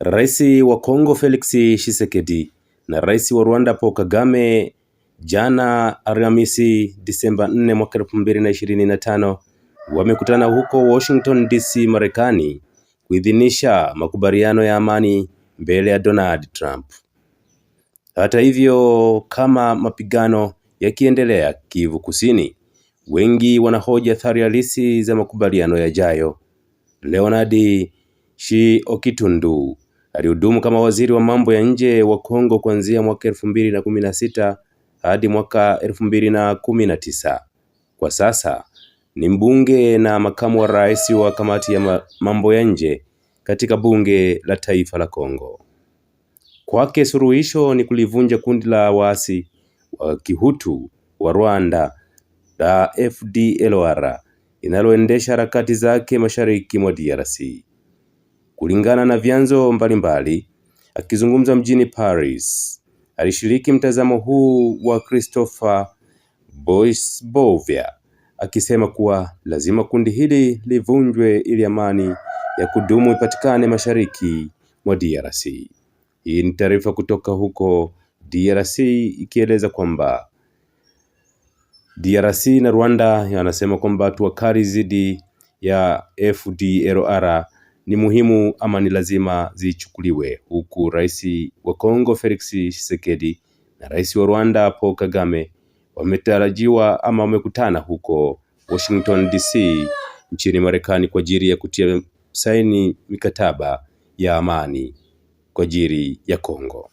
Rais wa Kongo Felix Tshisekedi na Rais wa Rwanda Paul Kagame jana Alhamisi Disemba 4 mwaka 2025 wamekutana huko Washington DC, Marekani kuidhinisha makubaliano ya amani mbele ya Donald Trump. Hata hivyo, kama mapigano yakiendelea Kivu Kusini, wengi wanahoja athari halisi za makubaliano yajayo. Leonard Shi Okitundu Alihudumu kama waziri wa mambo ya nje wa Kongo kuanzia mwaka elfu mbili na kumi na sita hadi mwaka elfu mbili na kumi na tisa. Kwa sasa ni mbunge na makamu wa rais wa kamati ya mambo ya nje katika bunge la taifa la Kongo. Kwake suluhisho ni kulivunja kundi la waasi wa Kihutu wa Rwanda la FDLR linaloendesha harakati zake mashariki mwa DRC kulingana na vyanzo mbalimbali. Akizungumza mjini Paris, alishiriki mtazamo huu wa Christopher Bovia akisema kuwa lazima kundi hili livunjwe ili amani ya kudumu ipatikane mashariki mwa DRC. Hii ni taarifa kutoka huko DRC ikieleza kwamba DRC na Rwanda yanasema kwamba hatua kali dhidi ya FDLR ni muhimu ama ni lazima zichukuliwe, huku rais wa Kongo Felix Tshisekedi na rais wa Rwanda Paul Kagame wametarajiwa ama wamekutana huko Washington DC nchini Marekani kwa ajili ya kutia saini mikataba ya amani kwa ajili ya Kongo.